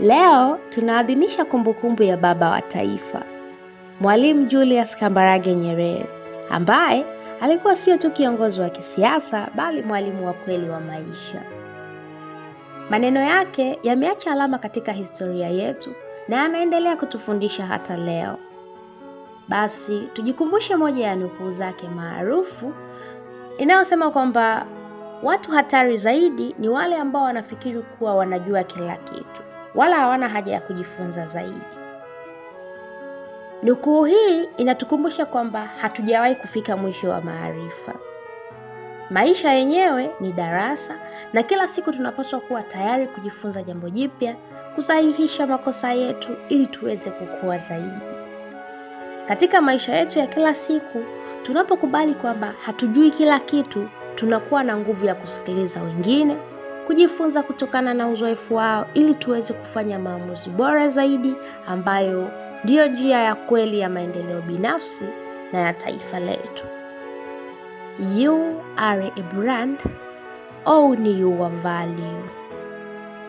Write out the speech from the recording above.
Leo tunaadhimisha kumbukumbu ya baba wa taifa Mwalimu Julius Kambarage Nyerere ambaye alikuwa sio tu kiongozi wa kisiasa bali mwalimu wa kweli wa maisha. Maneno yake yameacha alama katika historia yetu na anaendelea kutufundisha hata leo. Basi tujikumbushe moja ya nukuu zake maarufu inayosema kwamba watu hatari zaidi ni wale ambao wanafikiri kuwa wanajua kila kitu wala hawana haja ya kujifunza zaidi. Nukuu hii inatukumbusha kwamba hatujawahi kufika mwisho wa maarifa. Maisha yenyewe ni darasa, na kila siku tunapaswa kuwa tayari kujifunza jambo jipya, kusahihisha makosa yetu ili tuweze kukua zaidi. Katika maisha yetu ya kila siku, tunapokubali kwamba hatujui kila kitu, tunakuwa na nguvu ya kusikiliza wengine kujifunza kutokana na uzoefu wao ili tuweze kufanya maamuzi bora zaidi ambayo ndiyo njia ya kweli ya maendeleo binafsi na ya taifa letu. You are a brand, own your value.